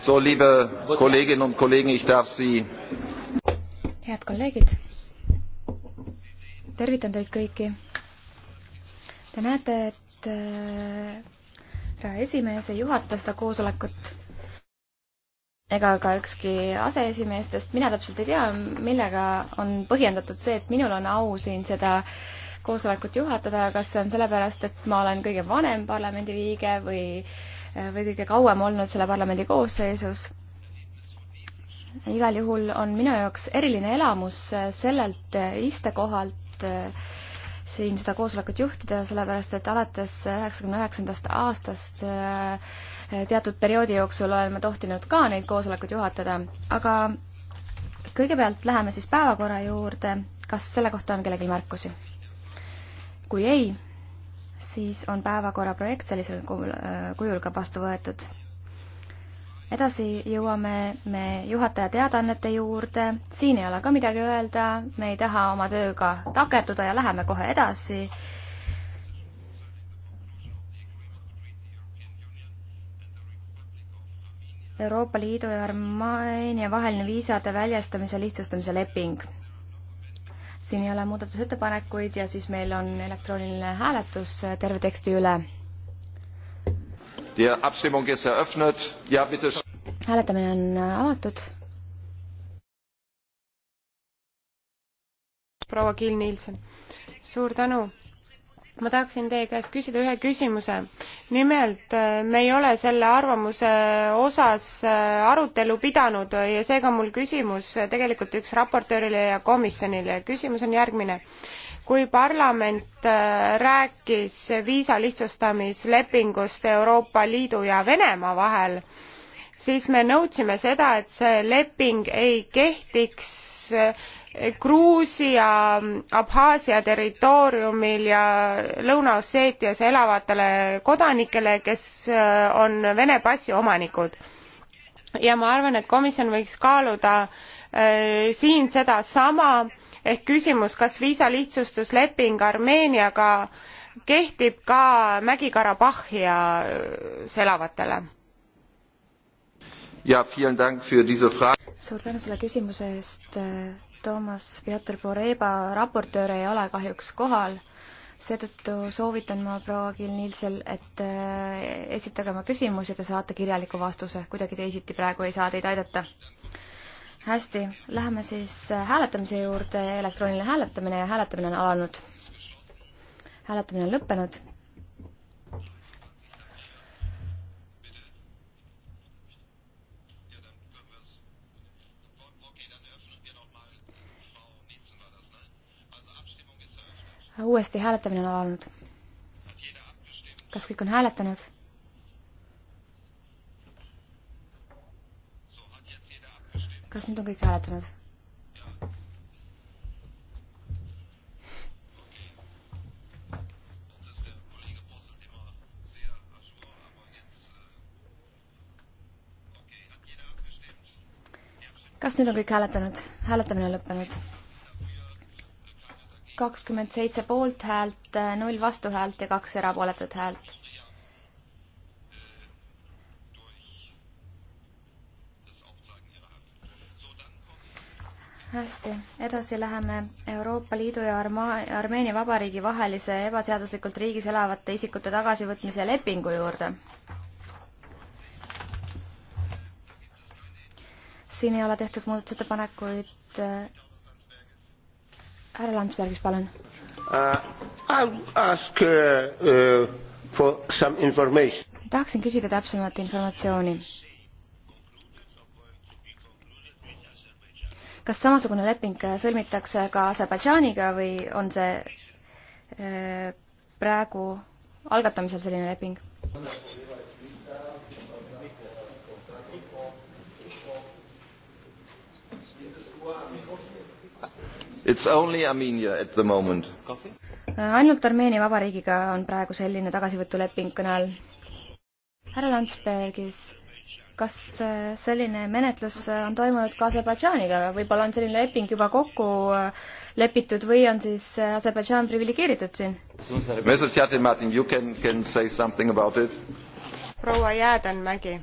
So, liebe Kolleginnen und Kollegen, ich darf Sie. head kolleegid, tervitan teid kõiki. Te näete, et äh, härra äh, esimees ei juhata seda koosolekut ega ka ükski aseesimeestest, mina täpselt ei tea, millega on põhjendatud see, et minul on au siin seda koosolekut juhatada, kas see on sellepärast, et ma olen kõige vanem parlamendiliige või äh, Äh, või kõige kauem olnud selle parlamendi koosseisus. igal juhul on minu jaoks eriline elamus äh, sellelt äh, istekohalt siin seda koosolekut juhtida, sellepärast et alates üheksakümne üheksandast aastast teatud perioodi jooksul olen ma tohtinud ka neid koosolekuid juhatada, aga kõigepealt läheme siis päevakorra juurde, kas selle kohta on kellelgi märkusi? kui ei, siis on päevakorra projekt sellisel äh, kujul ka vastu võetud. edasi jõuame me juhataja teadaannete juurde. siin ei ole ka midagi öelda, me ei taha oma tööga takerduda ja läheme kohe edasi. Euroopa Liidu ja Armeenia vaheline viisade väljastamise lihtsustamise leping siin ei ole muudatusettepanekuid ja siis meil on elektrooniline hääletus terve teksti üle. hääletamine on avatud. proua Kiil-Nielsen, suur tänu ma tahaksin teie käest küsida ühe küsimuse. nimelt, äh, me ei ole selle arvamuse äh, osas äh, arutelu pidanud ja seega mul küsimus tegelikult üks raportöörile ja komisjonile. küsimus on järgmine. kui parlament rääkis viisa lihtsustamislepingust Euroopa Liidu ja Venemaa vahel, siis me nõudsime seda, et see leping ei kehtiks Gruusia, Abhaasia territooriumil ja Lõuna-Osseetias elavatele kodanikele, kes äh, on Vene passi omanikud. ja ma arvan, et komisjon võiks kaaluda äh, siin sedasama ehk küsimus, kas viisalihtsustusleping Armeeniaga kehtib ka Mägi-Karabahhias äh, elavatele ja,? suur tänu selle küsimuse eest äh, Toomas Piotr Poreba, raportöör ei ole kahjuks kohal, seetõttu soovitan ma proua Kill-Nielsen, et äh, esitage oma küsimusi, te saate kirjaliku vastuse, kuidagi teisiti praegu ei saa teid aidata. hästi, läheme siis äh, hääletamise juurde, elektrooniline hääletamine ja hääletamine on alanud. hääletamine on lõppenud Ah, uuesti hääletamine on alanud. kas kõik on hääletanud? kas nüüd on kõik hääletanud? kas nüüd on kõik hääletanud? hääletamine on lõppenud kakskümmend seitse poolthäält, null vastuhäält ja kaks erapooletut häält. hästi, edasi läheme Euroopa Liidu ja Arma-, Armeenia Vabariigi vahelise ebaseaduslikult riigis elavate isikute tagasivõtmise lepingu juurde. siin ei ole tehtud muudatusettepanekuid härra Landsbergis, palun uh,. Uh, uh tahaksin küsida täpsemat informatsiooni. kas samasugune leping sõlmitakse ka Aserbaidžaaniga või on see uh, praegu algatamisel selline leping? Thank you. It's only Armenia at the moment. Äh, ainult Armeenia Vabariigiga on praegu selline tagasivõtuleping kõne all. härra Landsbergis, kas äh, selline menetlus äh, on toimunud ka Aserbaidžaaniga, võib-olla on selline leping juba kokku lepitud või on siis Aserbaidžaan priviligeeritud siin? proua Jäädenmägi,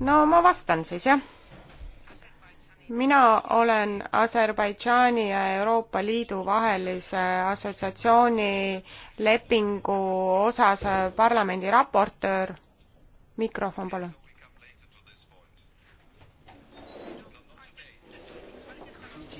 no ma vastan siis jah mina olen Aserbaidžaani ja Euroopa Liidu vahelise assotsiatsiooni lepingu osas parlamendi raportöör. mikrofon palun.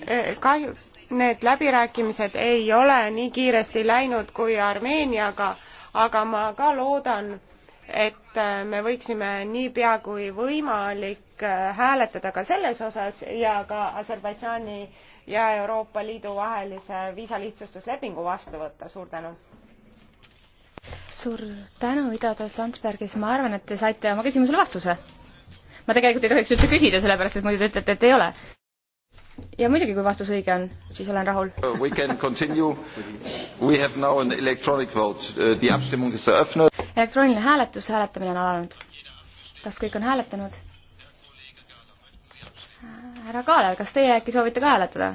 Eh, kahjuks need läbirääkimised ei ole nii kiiresti läinud kui Armeeniaga, aga ma ka loodan, et eh, me võiksime niipea kui võimalik võimalik äh, hääletada ka selles osas ja ka Aserbaidžaani ja Euroopa Liidu vahelise viisalihtsustuslepingu vastu võtta. suur tänu! suur tänu, Ida-Tos Landsbergis, ma arvan, et te saite oma küsimusele vastuse. ma tegelikult ei tohiks üldse küsida, sellepärast et muidu te ütlete, et ei ole. ja muidugi, kui vastus õige on, siis olen rahul. We can continue. We have now an electronic vote. Die uh, Abstimmung ist eröffnet. elektrooniline hääletus, hääletamine on alanud. kas kõik on hääletanud? härra Kaaler, kas teie äkki soovite ka hääletada?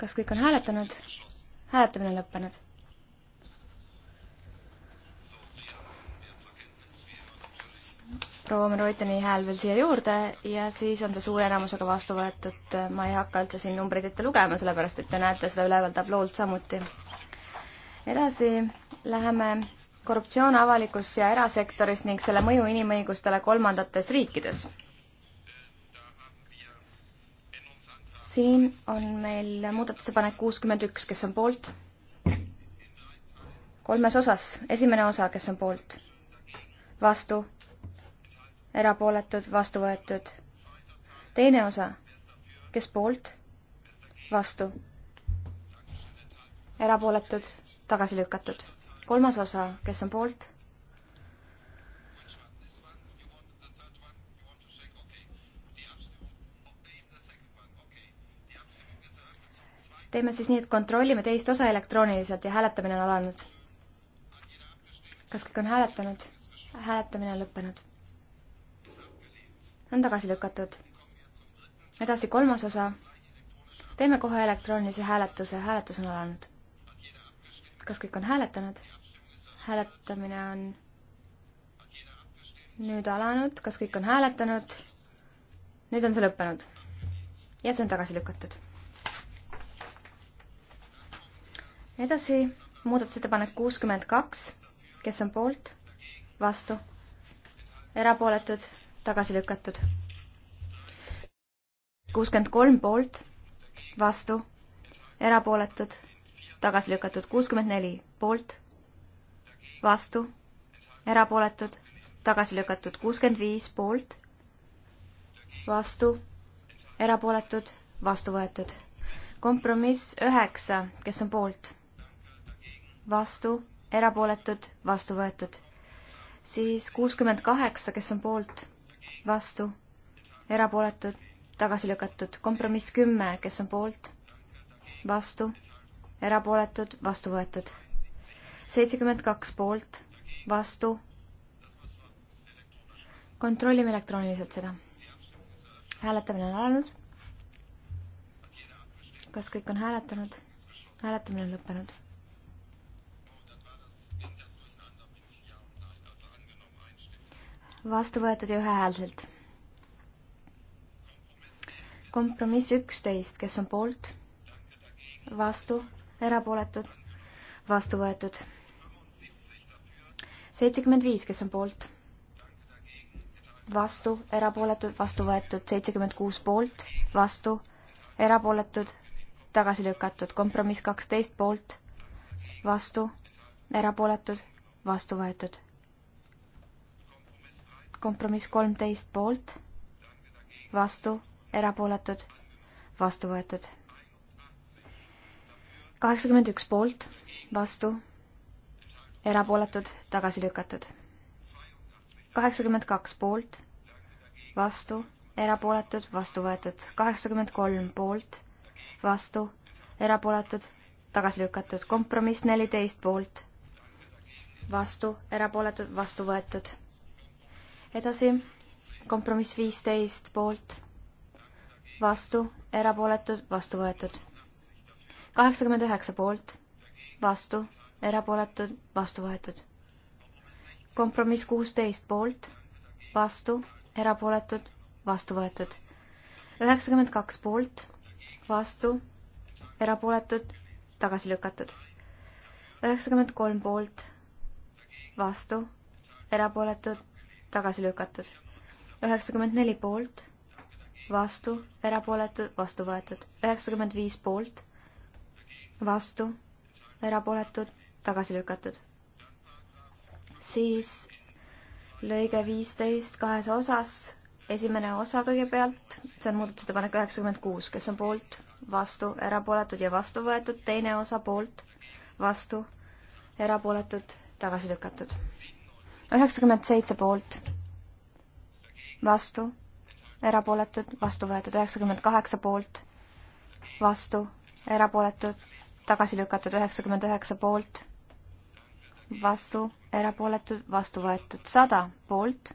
kas kõik on hääletanud? hääletamine lõppenud. proovime Reuteni hääl veel siia juurde ja siis on see suure enamusega vastu võetud. ma ei hakka üldse siin numbreid ette lugema, sellepärast et te näete seda üleval tabloolt samuti. edasi läheme korruptsioon avalikus ja erasektoris ning selle mõju inimõigustele kolmandates riikides siin on meil muudatusepanek kuuskümmend üks, kes on poolt? kolmes osas, esimene osa, kes on poolt? vastu? erapooletud, vastu võetud. teine osa, kes poolt? vastu? erapooletud, tagasi lükatud. kolmas osa, kes on poolt? teeme siis nii, et kontrollime teist osa elektrooniliselt ja hääletamine on alanud. kas kõik on hääletanud? hääletamine on lõppenud. on tagasi lükatud. edasi kolmas osa. teeme kohe elektroonilise hääletuse, hääletus on alanud. kas kõik on hääletanud? hääletamine on nüüd alanud, kas kõik on hääletanud? nüüd on see lõppenud. ja see on tagasi lükatud edasi, muudatusettepanek kuuskümmend kaks, kes on poolt, vastu, erapooletud, tagasi lükatud. kuuskümmend kolm poolt, vastu, erapooletud, tagasi lükatud, kuuskümmend neli poolt, vastu, erapooletud, tagasi lükatud, kuuskümmend viis poolt, vastu, erapooletud, vastu võetud. kompromiss üheksa, kes on poolt vastu, erapooletud, vastu võetud. siis kuuskümmend kaheksa, kes on poolt, vastu, erapooletud, tagasi lükatud. kompromiss kümme, kes on poolt, vastu, erapooletud, vastu võetud. seitsekümmend kaks poolt, vastu. kontrollime elektrooniliselt seda. hääletamine on alanud. kas kõik on hääletanud? hääletamine on lõppenud vastu võetud ja ühehäälselt. kompromiss üksteist, kes on poolt, vastu, erapooletud, vastu võetud. seitsekümmend viis, kes on poolt, vastu, erapooletud, vastu võetud, seitsekümmend kuus poolt, vastu, erapooletud, tagasi lükatud, kompromiss kaksteist poolt, vastu, erapooletud, vastu võetud kompromiss kolmteist poolt, vastu, erapooletud, vastu võetud. kaheksakümmend üks poolt, vastu, erapooletud, tagasi lükatud. kaheksakümmend kaks poolt, vastu, erapooletud, vastu võetud. kaheksakümmend kolm poolt, vastu, erapooletud, tagasi lükatud. kompromiss neliteist poolt, vastu, erapooletud, vastu võetud edasi, kompromiss viisteist poolt, vastu, erapooletud, vastu võetud. kaheksakümmend üheksa poolt, vastu, erapooletud, vastu võetud. kompromiss kuusteist poolt, vastu, erapooletud, vastu võetud. üheksakümmend kaks poolt, vastu, erapooletud, tagasi lükatud. üheksakümmend kolm poolt, vastu, erapooletud, tagasi lükatud. üheksakümmend neli poolt, vastu, erapooletu, vastu võetud. üheksakümmend viis poolt, vastu, erapooletud, tagasi lükatud. siis lõige viisteist kahes osas, esimene osa kõigepealt, see on muudatusettepanek üheksakümmend kuus, kes on poolt, vastu, erapooletud ja vastu võetud, teine osa poolt, vastu, erapooletud, tagasi lükatud üheksakümmend seitse poolt, vastu, erapooletud, vastu võetud üheksakümmend kaheksa poolt, vastu, erapooletud, tagasi lükatud üheksakümmend üheksa poolt, vastu, erapooletud, vastu võetud sada poolt,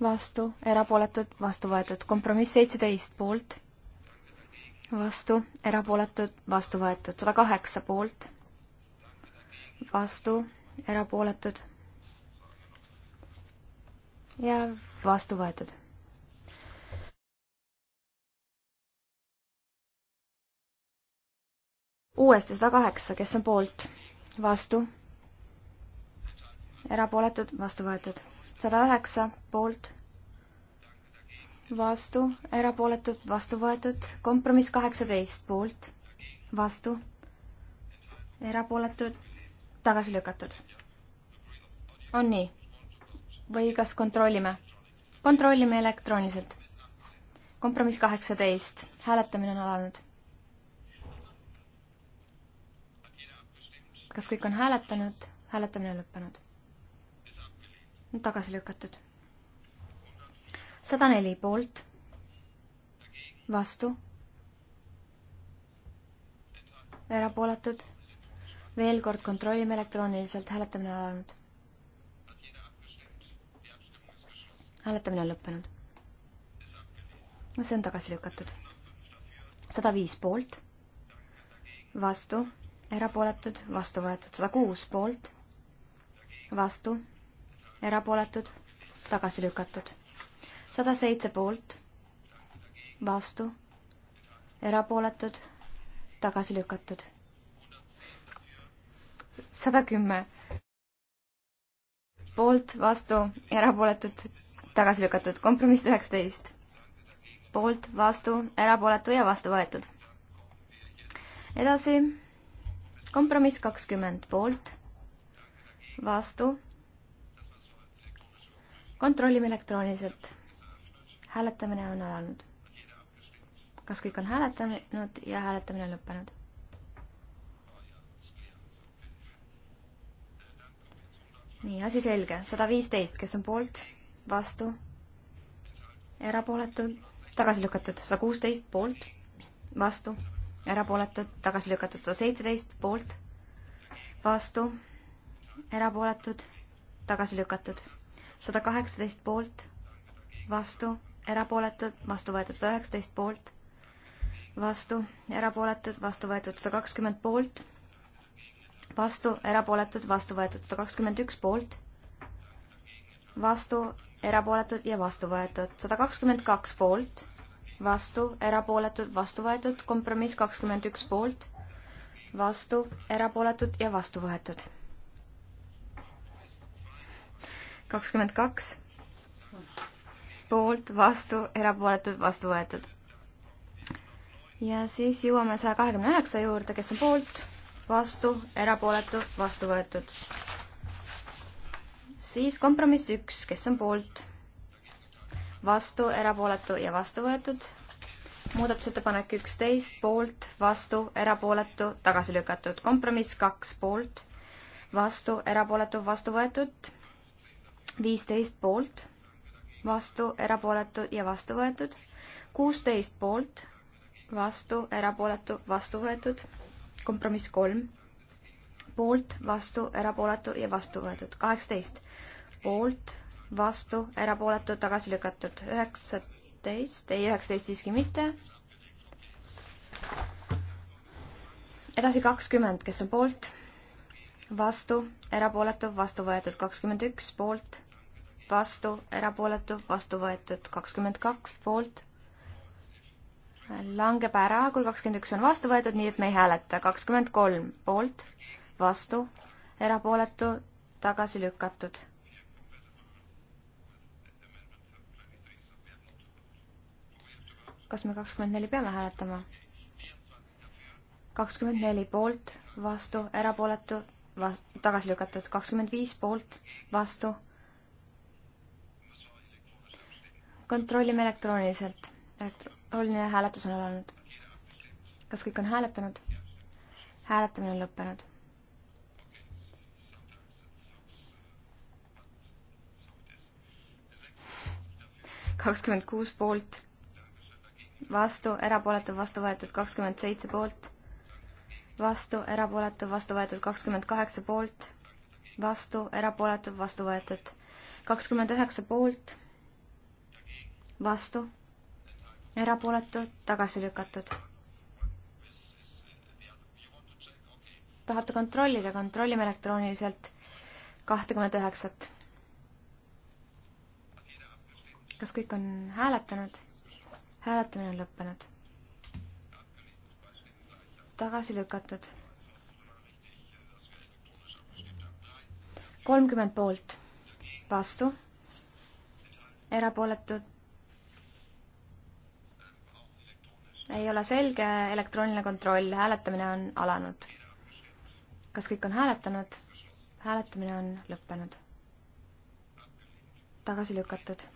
vastu, erapooletud, vastu võetud, kompromiss seitseteist poolt, vastu, erapooletud, vastu võetud, sada kaheksa poolt, vastu, erapooletud ja vastu võetud. uuesti sada kaheksa, kes on poolt, vastu, erapooletud, vastu võetud. sada üheksa poolt, vastu, erapooletud, vastu võetud. kompromiss kaheksateist poolt, vastu, erapooletud, tagasi lükatud. on nii või kas kontrollime? kontrollime elektrooniliselt. kompromiss kaheksateist, hääletamine on alanud. kas kõik on hääletanud? hääletamine on lõppenud. tagasi lükatud. sada neli poolt, vastu, erapooletud. veel kord kontrollime elektrooniliselt, hääletamine on alanud hääletamine on lõppenud. see on tagasi lükatud. sada viis poolt, vastu, erapooletud, vastu võetud, sada kuus poolt, vastu, erapooletud, tagasi lükatud. sada seitse poolt, vastu, erapooletud, tagasi lükatud. sada kümme poolt, vastu, erapooletud, tagasi lükatud. kompromiss üheksateist. poolt, vastu, erapooletu ja vastu võetud. edasi. kompromiss kakskümmend poolt, vastu. kontrollime elektrooniliselt. hääletamine on alanud. kas kõik on hääletanud ja hääletamine on lõppenud? nii, asi selge. sada viisteist, kes on poolt? vastu, erapooletud, tagasi lükatud sada kuusteist poolt, vastu, erapooletud, tagasi lükatud sada seitseteist poolt, vastu, erapooletud, tagasi lükatud sada kaheksateist poolt, vastu, erapooletud, vastu võetud sada üheksateist poolt, vastu, erapooletud, vastu võetud sada kakskümmend poolt, vastu, erapooletud, vastu võetud sada kakskümmend üks poolt, vastu, erapooletud ja vastu võetud. sada kakskümmend kaks poolt, vastu, erapooletud, vastu võetud, kompromiss kakskümmend üks poolt, vastu, erapooletud ja vastu võetud. kakskümmend kaks poolt, vastu, erapooletud, vastu võetud. ja siis jõuame saja kahekümne üheksa juurde, kes on poolt, vastu, erapooletu, vastu võetud siis kompromiss üks, kes on poolt, vastu, erapooletu ja vastu võetud. muudatusettepanek üksteist, poolt, vastu, erapooletu, tagasi lükatud. kompromiss kaks, poolt, vastu, erapooletu, vastu võetud. viisteist poolt, vastu, erapooletu ja vastu võetud. kuusteist poolt, vastu, erapooletu, vastu võetud. kompromiss kolm poolt, vastu, erapooletu ja vastu võetud. kaheksateist poolt, vastu, erapooletu, tagasi lükatud. üheksateist, ei üheksateist siiski mitte. edasi kakskümmend, kes on poolt, vastu, erapooletu, vastu võetud. kakskümmend üks poolt, vastu, erapooletu, vastu võetud. kakskümmend kaks poolt langeb ära, kui kakskümmend üks on vastu võetud, nii et me ei hääleta. kakskümmend kolm poolt, vastu, erapooletu, tagasi lükatud. kas me kakskümmend neli peame hääletama? kakskümmend neli poolt, vastu, erapooletu, vas-, tagasi lükatud, kakskümmend viis poolt, vastu. kontrollime elektrooniliselt. elektrooniline hääletus on alanud. kas kõik on hääletanud? hääletamine on lõppenud. kakskümmend kuus poolt, vastu, erapooletu, vastu võetud kakskümmend seitse poolt, vastu, erapooletu, vastu võetud kakskümmend kaheksa poolt, vastu, erapooletu, vastu võetud kakskümmend üheksa poolt, vastu, erapooletu, tagasi lükatud tahate kontrollida, kontrollime elektrooniliselt kahtekümmet üheksat kas kõik on hääletanud? hääletamine on lõppenud. tagasi lükatud. kolmkümmend poolt, vastu, erapooletud. ei ole selge, elektrooniline kontroll, hääletamine on alanud. kas kõik on hääletanud? hääletamine on lõppenud. tagasi lükatud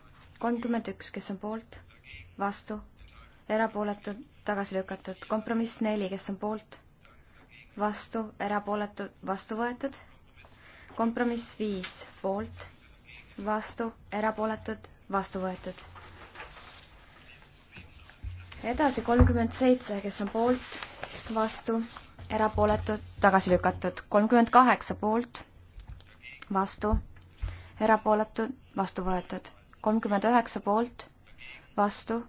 kolmkümmend üks, kes on poolt, vastu, erapooletud, tagasi lükatud. kompromiss neli, kes on poolt, vastu, erapooletud, vastu võetud. kompromiss viis, poolt, vastu, erapooletud, vastu võetud. edasi kolmkümmend seitse, kes on poolt, vastu, erapooletud, tagasi lükatud. kolmkümmend kaheksa poolt, vastu, erapooletud, vastu võetud kolmkümmend üheksa poolt, vastu,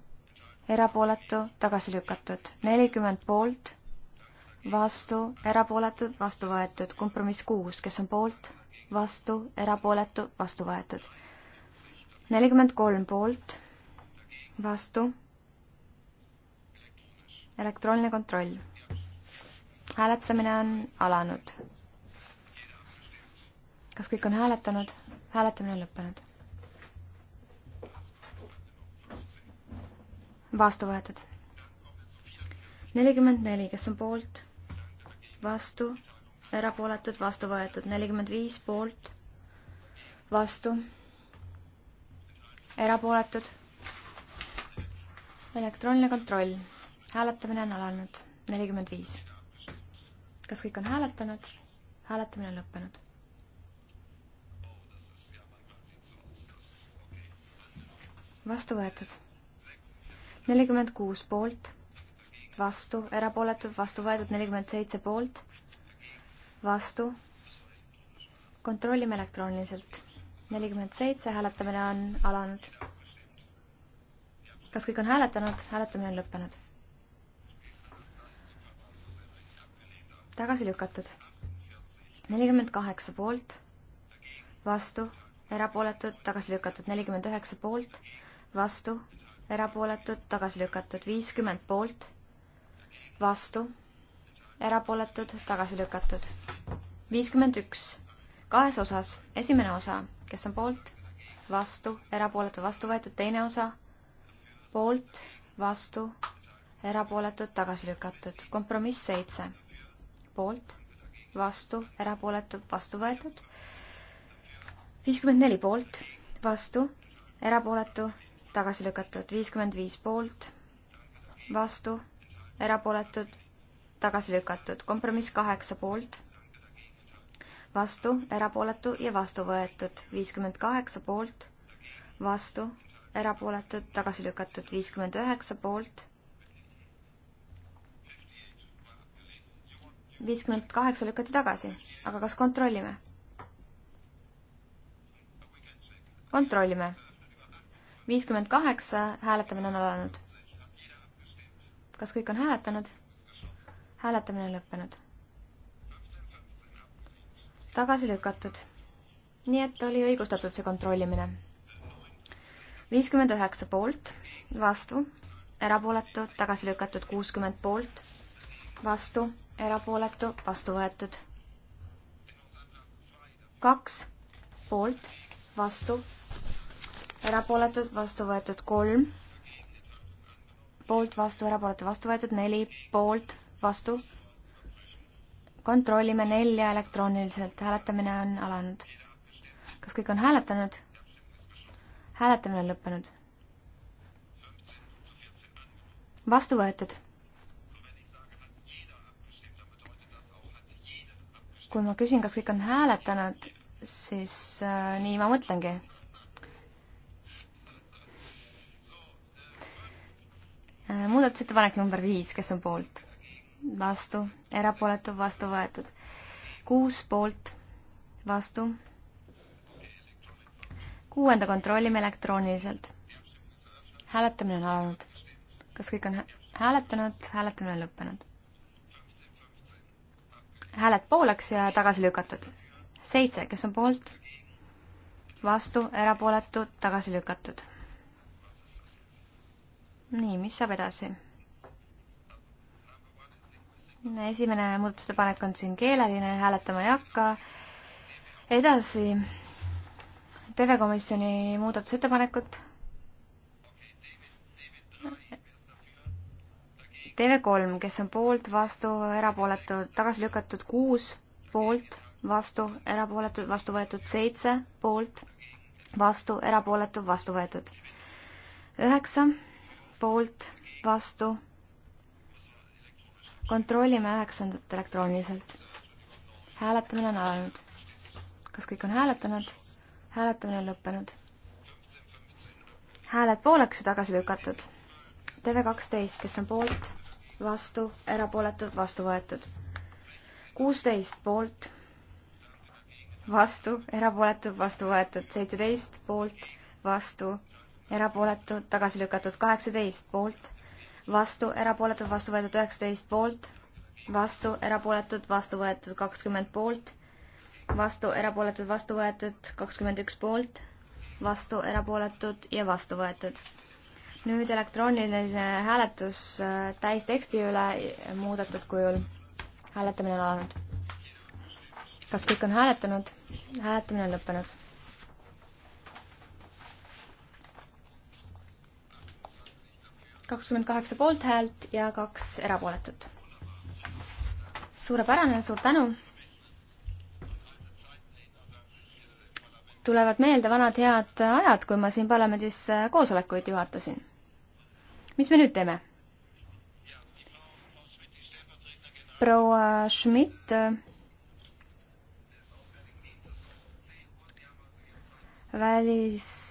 erapooletu, tagasi lükatud. nelikümmend poolt, vastu, erapooletu, vastu võetud. kompromiss kuus, kes on poolt, vastu, erapooletu, vastu võetud. nelikümmend kolm poolt, vastu, elektrooniline kontroll. hääletamine on alanud. kas kõik on hääletanud? hääletamine on lõppenud. vastu võetud. nelikümmend neli, kes on poolt, vastu, erapooletud, vastu võetud, nelikümmend viis poolt, vastu, erapooletud. elektrooniline kontroll, hääletamine on alanud, nelikümmend viis. kas kõik on hääletanud? hääletamine on lõppenud vastu võetud nelikümmend kuus poolt, vastu, erapooletud, vastu võetud nelikümmend seitse poolt, vastu. kontrollime elektrooniliselt. nelikümmend seitse, hääletamine on alanud. kas kõik on hääletanud? hääletamine on lõppenud. tagasi lükatud. nelikümmend kaheksa poolt, vastu, erapooletud, tagasi lükatud, nelikümmend üheksa poolt, vastu erapooletud, tagasi lükatud, viiskümmend poolt, vastu, erapooletud, tagasi lükatud. viiskümmend üks, kahes osas, esimene osa, kes on poolt, vastu, erapooletu, vastu võetud, teine osa, poolt, vastu, erapooletud, tagasi lükatud. kompromiss seitse, poolt, vastu, erapooletu, vastu võetud, viiskümmend neli poolt, vastu, erapooletu, tagasi lükatud, viiskümmend viis poolt, vastu, erapooletud, tagasi lükatud, kompromiss kaheksa poolt, vastu, erapooletu ja vastu võetud, viiskümmend kaheksa poolt, vastu, erapooletud, tagasi lükatud, viiskümmend üheksa poolt, viiskümmend kaheksa lükati tagasi, aga kas kontrollime? kontrollime viiskümmend kaheksa, hääletamine on alanud. kas kõik on hääletanud? hääletamine lõppenud. tagasi lükatud. nii et oli õigustatud see kontrollimine. viiskümmend üheksa poolt, vastu, erapooletu, tagasi lükatud kuuskümmend poolt, vastu, erapooletu, vastu võetud. kaks poolt, vastu erapooletud, vastu võetud kolm, poolt, vastu, erapooletu, vastu võetud neli, poolt, vastu. kontrollime nelja elektrooniliselt, hääletamine on alanud. kas kõik on hääletanud? hääletamine on lõppenud. vastu võetud kui ma küsin, kas kõik on hääletanud, siis äh, nii ma mõtlengi. muudatusettepanek number viis, kes on poolt? vastu, erapooletu, vastu võetud. kuus poolt, vastu. kuuenda kontrollime elektrooniliselt. hääletamine on alanud. kas kõik on hääletanud, hääletamine on lõppenud. hääled pooleks ja tagasi lükatud. seitse, kes on poolt? vastu, erapooletud, tagasi lükatud nii, mis saab edasi? esimene muudatustepanek on siin keeleline, hääletama ei hakka. edasi, telekomisjoni muudatusettepanekud. TV3, kes on poolt, vastu, erapooletu, tagasi lükatud kuus, poolt, vastu, erapooletu, vastu võetud seitse, poolt, vastu, erapooletu, vastu võetud üheksa poolt, vastu. kontrollime üheksandat elektrooniliselt. hääletamine on alanud. kas kõik on hääletanud? hääletamine on lõppenud. hääled pooleks ja tagasi lükatud. TV kaksteist, kes on poolt, vastu, erapooletud, vastu võetud. kuusteist poolt, vastu, erapooletud, vastu võetud. seitseteist poolt, vastu, erapooletud, tagasi lükatud kaheksateist poolt, vastu, erapooletud, vastu võetud üheksateist poolt, vastu, erapooletud, vastu võetud kakskümmend poolt, vastu, erapooletud, vastu võetud kakskümmend üks poolt, vastu, erapooletud ja vastu võetud. nüüd elektrooniline hääletus äh, täisteksti üle muudetud kujul. hääletamine on alanud. kas kõik on hääletanud? hääletamine on lõppenud kakskümmend kaheksa poolthäält ja kaks erapooletut. suurepärane, suur tänu. tulevad meelde vanad head ajad, kui ma siin parlamendis koosolekuid juhatasin. mis me nüüd teeme? proua Schmidt välis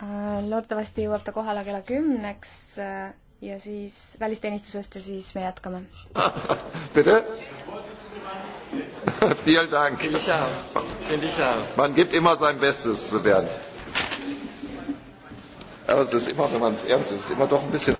Äh, loodetavasti jõuab ta kohale kella kümneks äh, ja siis välisteenistusest ja siis me jätkame. Vielen Dank. Finde ich auch. Finde ich auch. Man gibt immer sein Bestes zu werden. Aber es ist immer, wenn man es ernst nimmt, ist immer doch ein bisschen.